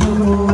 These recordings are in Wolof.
Pablo.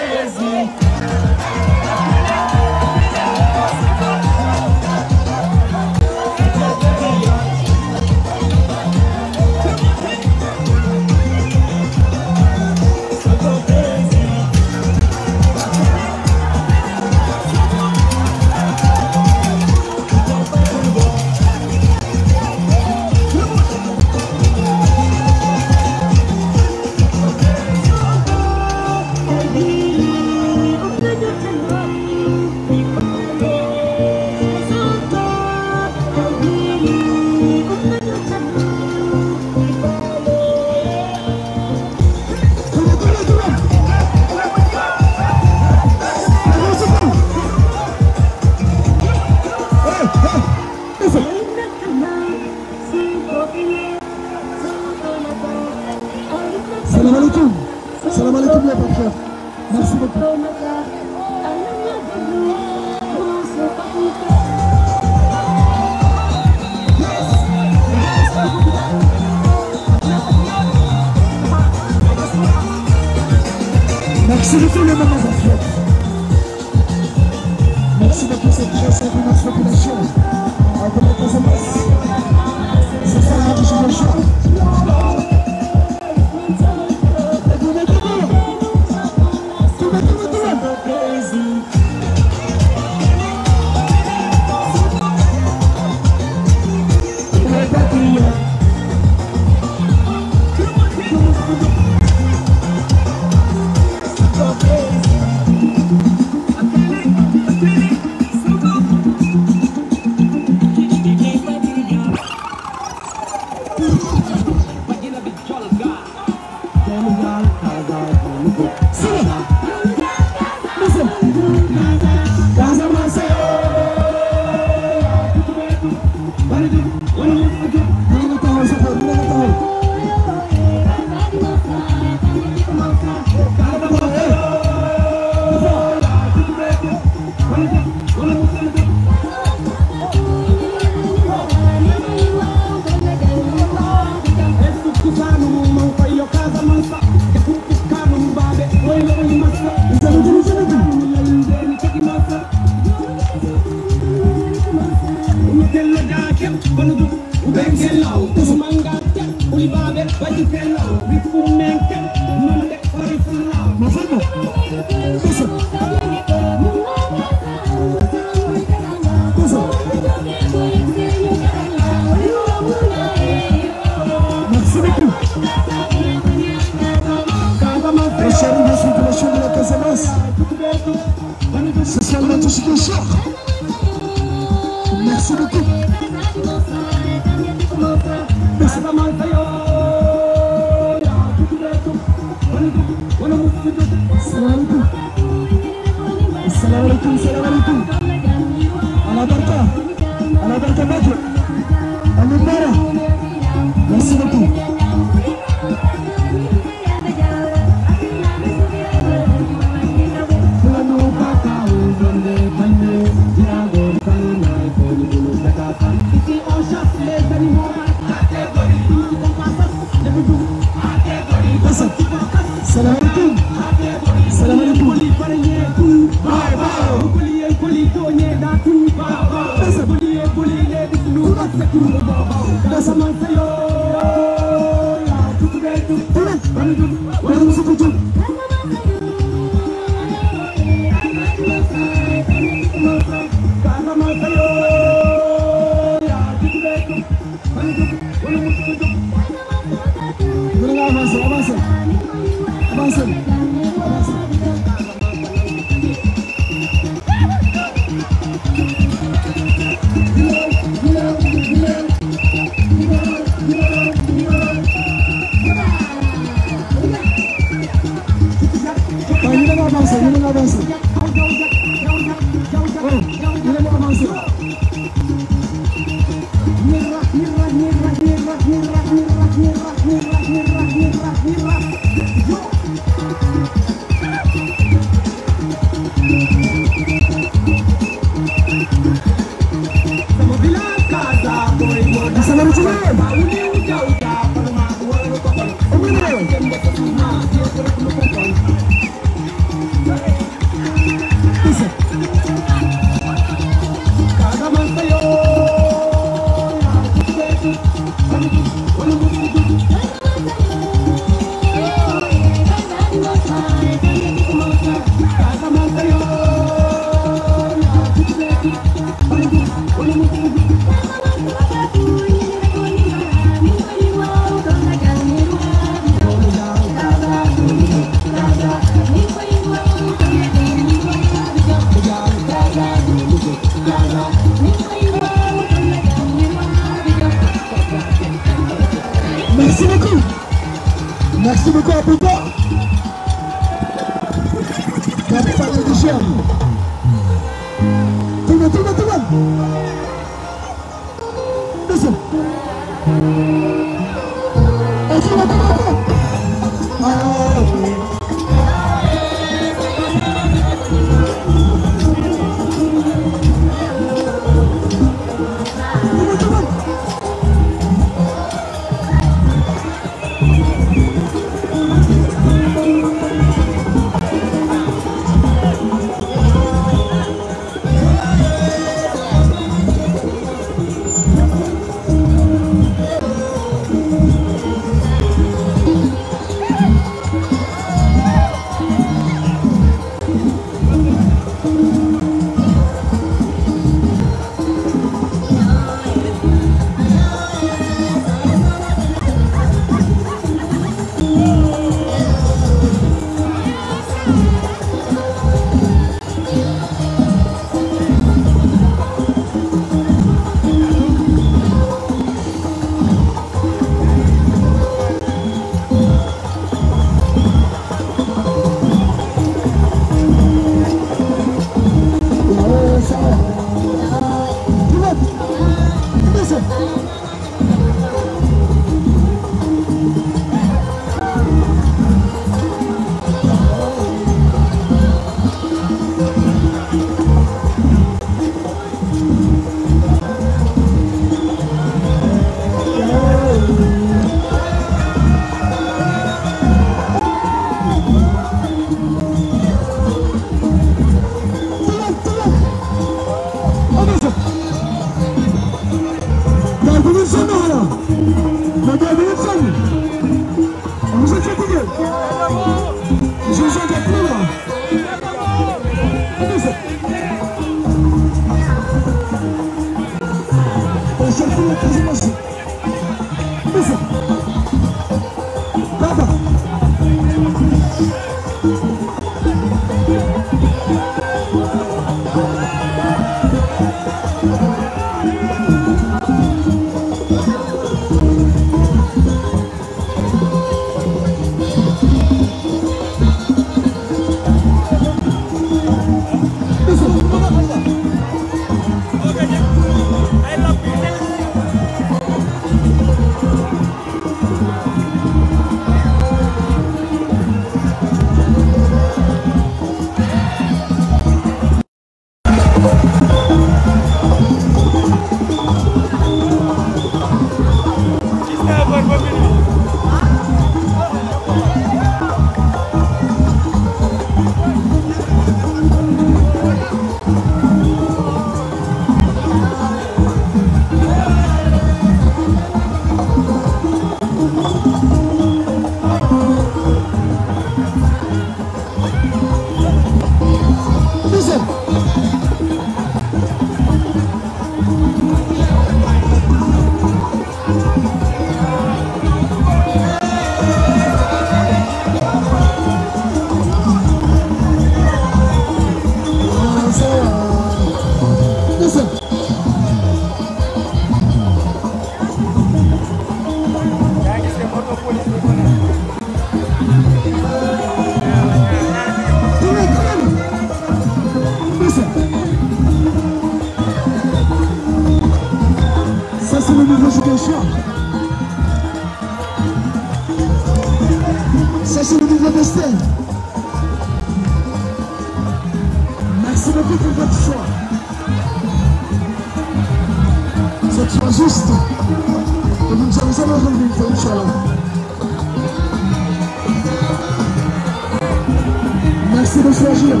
de choisir. Le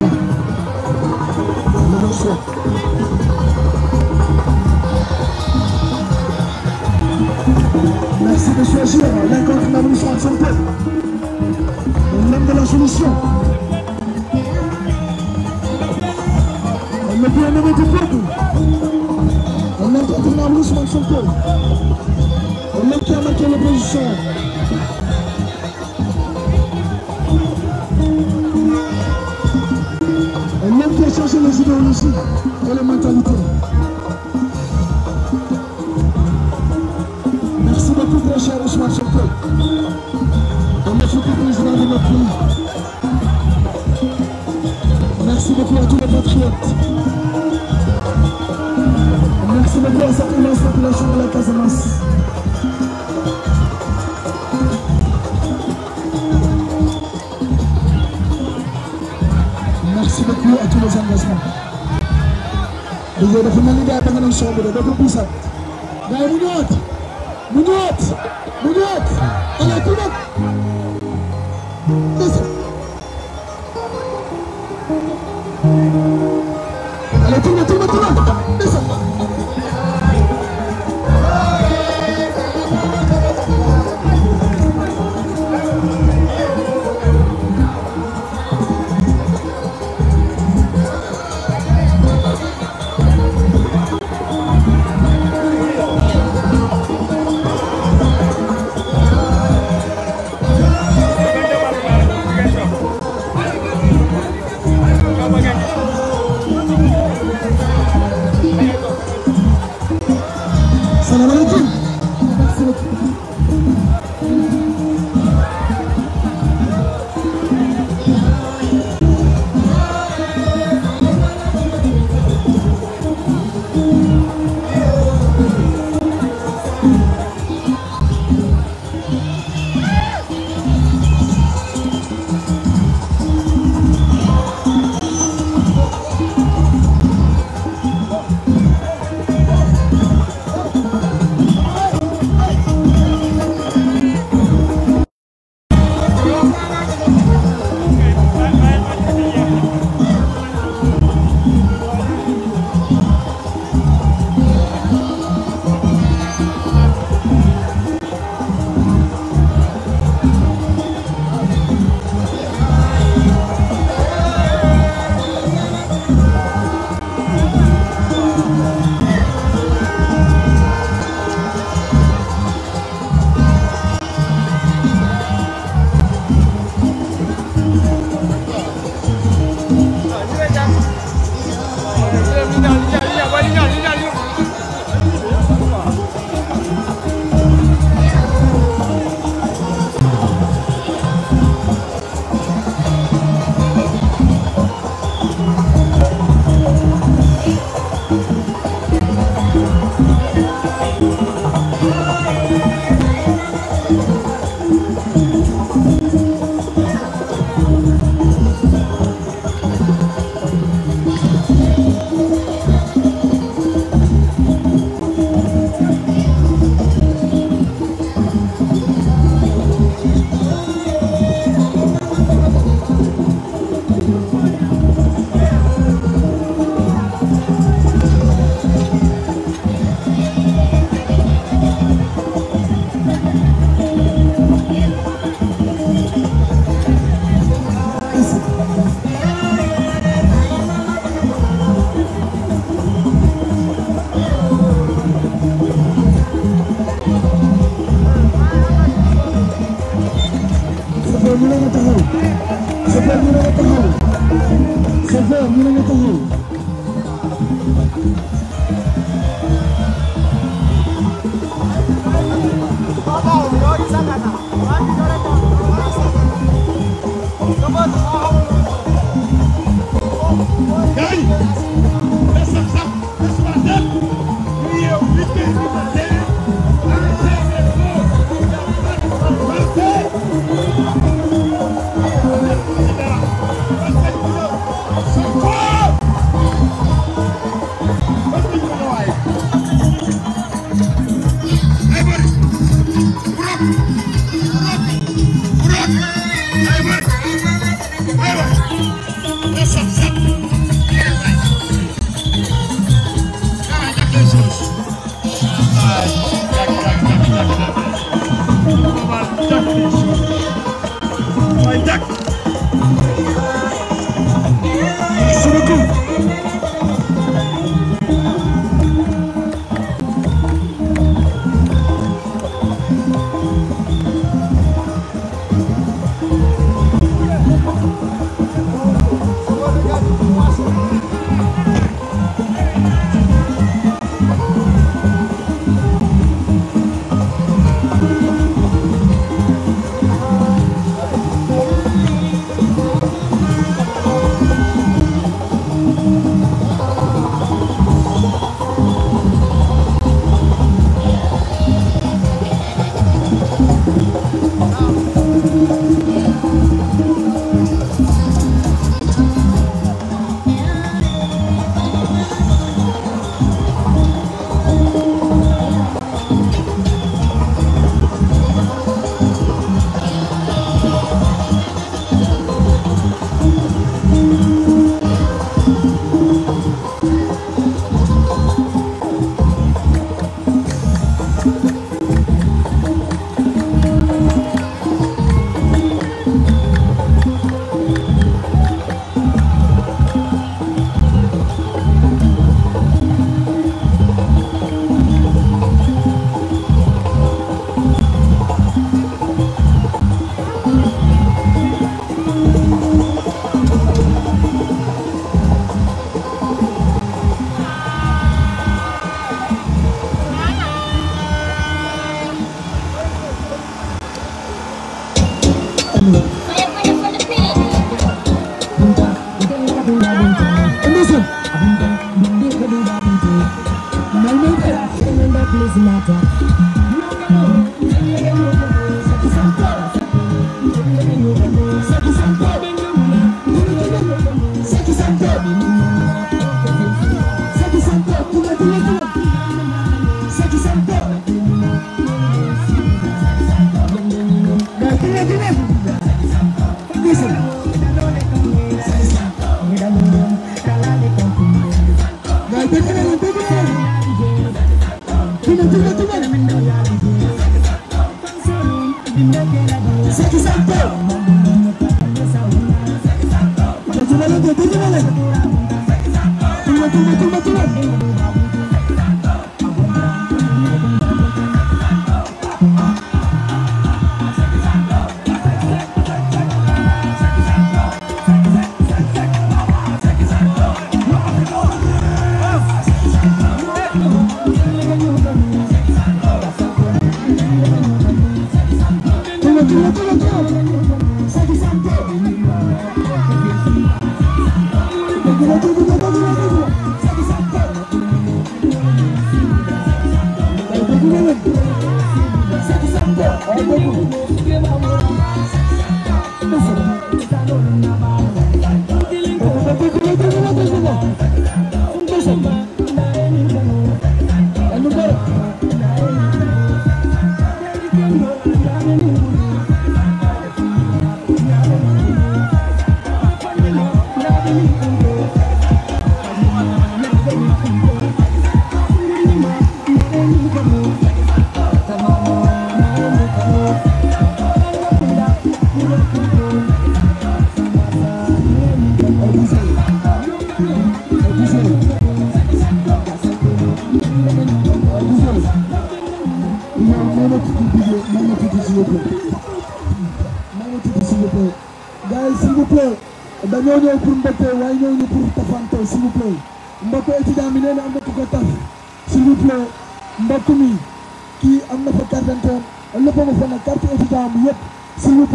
bon choix. Merci de choisir l'incontournable de son peuple. L'homme de la solution. Le bien-aimé du peuple. L'incontournable de son peuple. L'homme qui a marqué l'opposition. les idéologies et les mentalités. Merci beaucoup, très cher Ousmane Sonko. On est futur président de notre pays. Merci beaucoup à tous les patriotes. Merci beaucoup à cette immense population de la Casamance. you to those investments. Because the family guy banging on some of the local piece up. Guy, we not. We not. We not.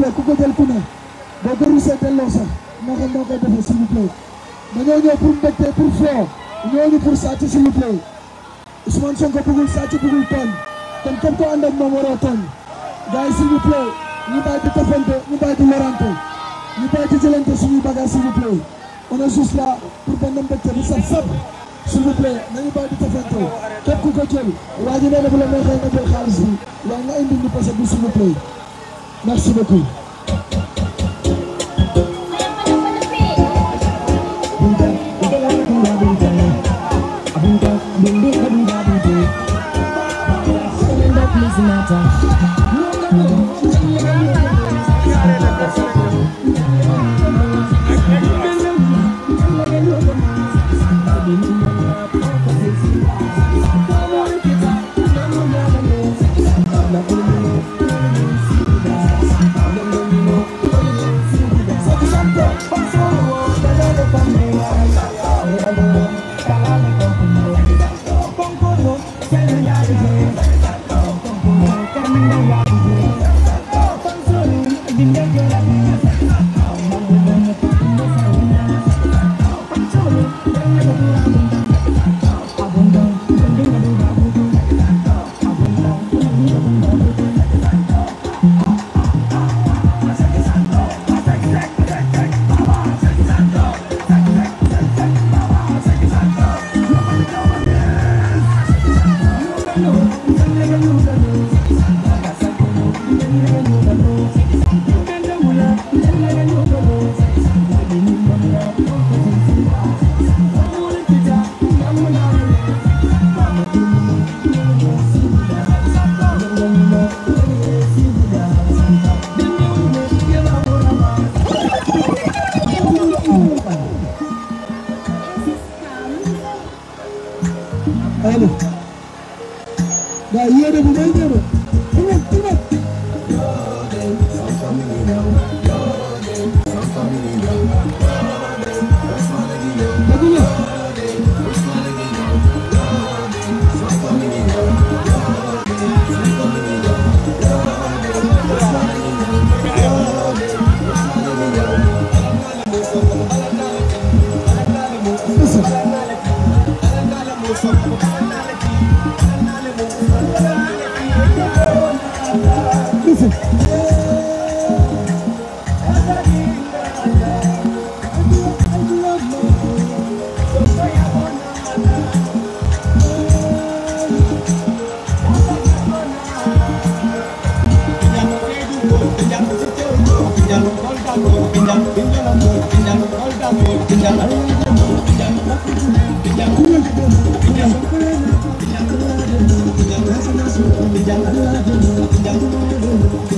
ne ku ko jël ku ne boo ko rusee delloo sax moo xam moo koy defee s'il vous plaît dañoo ñëw pour foo ñoo ñu pour sàcc s'il vous plaît Ousmane Sonko bëggul sàcc bëggul tooñ kon képp koo ànd ak moom waroo tooñ gars yi s'il vous plaît ñu bàyyi di tafante ñu bàyyi di lorante ñu bàyyi di jëlante suñuy bagage s'il vous plaît on est juste là pour benn mbégte bu sab sab s'il vous plaît di tafante képp ku ko na bu la neexee nga jël xaalis bi waaye nga indi Merci beaucoup. Doesn't matter.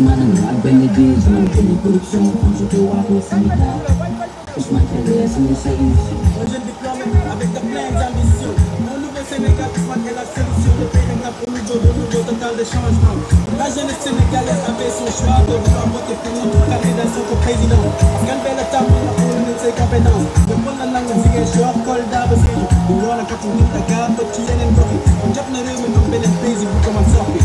Ousmane Ngom ak benn biir sama kële corruption conjeté waa ko Sénégal Ousmane Kelle sama sayu. La jeunesse sénégalaise a fait son choix de vouloir voter pour notre candidat son président. Galbe la table pour nous ses compétences. Le pôle la langue Ziguinchor, Kolda ba Sédhiou. bu lool ak atu nit Dakar ba ci yeneen gox yi. jot na réew mi am beneen pays bu commencé soppi.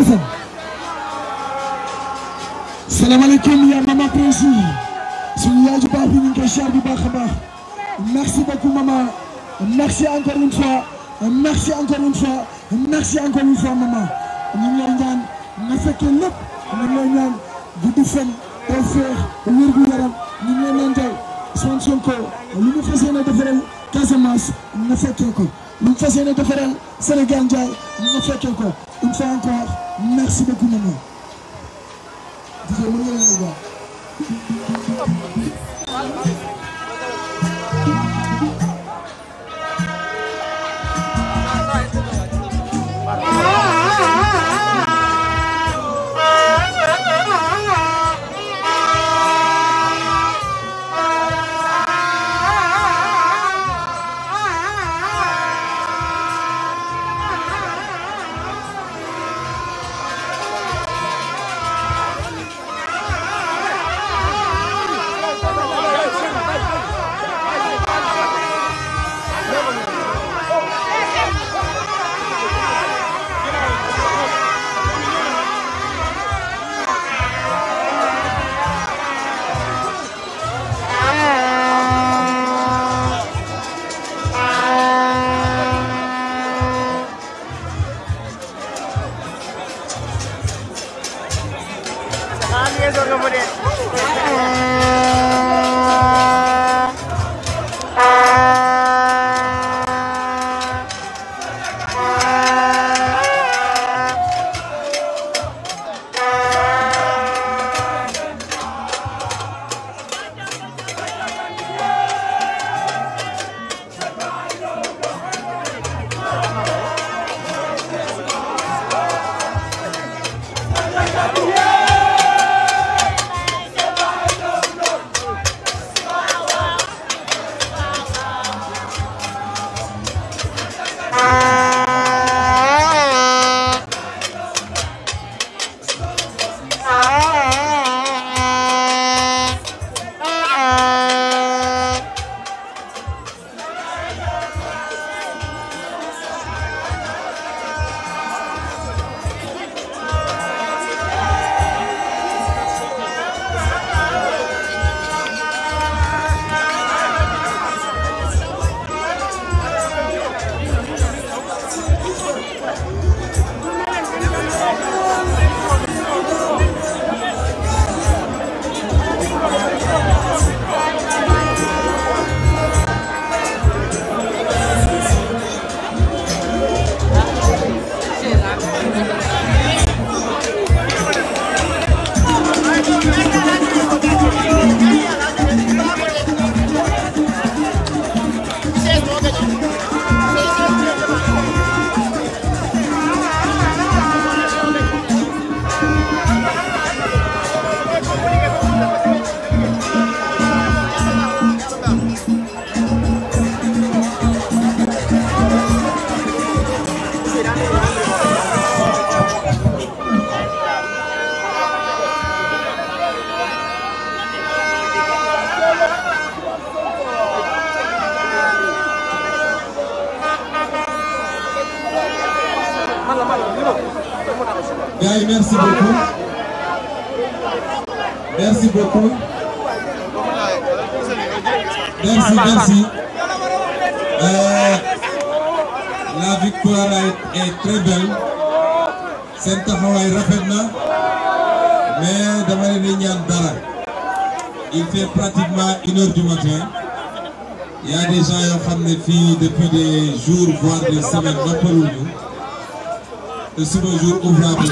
dese salaamaaleykum yaa maman Prince suñu yaay ju baax bi ñu ngi koy char bu baax a baax merci beaucoup maman merci encore une fois merci encore une fois merci encore une fois maman ñu ngi lay ñaan na fekkee lépp ñu ngi lay ñaan guddi fan too feex wér gu yaram ñu ngi lay leen tey Ousmane Sonko lu ñu fas yéene defaral Casamance na fekkee ko lu ñu fas yéene defaral Sénégal Ndiaye na fekkee ko une fois encore merci beaucoup maman. trésor nga fa dee nekk fii depuis des jours voire des semaines noppaluñu te suba jour ouvrable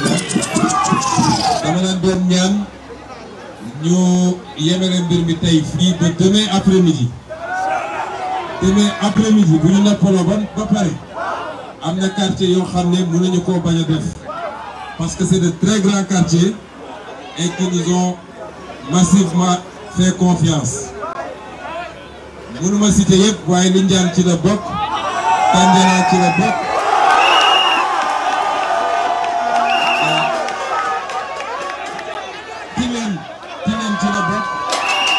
la dama leen doon ñaan ñu yemele mbir mi tey fii ba demain après midi demain après ñu ba pare am na quartier yoo xam ne mu nañu koo bañ def parce que c'est de très grands quartiers et qui nous ont massivement fait confiance. mënuma cité waaye Lindiane ci la bokk Tandiara ci la bokk Tilène ah. Tilène ci la bokk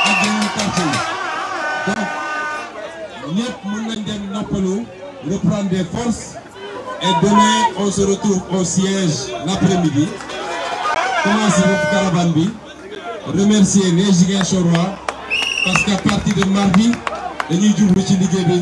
ak yeneen quartier donc ñëpp mën nañ dem noppalu reprendre des forces et demain on se au siège l'après-midi commencer votre caravane bi remercier les Ziguinchorois parce qu'à partir de mardi dañuy jublu ci liggéey bi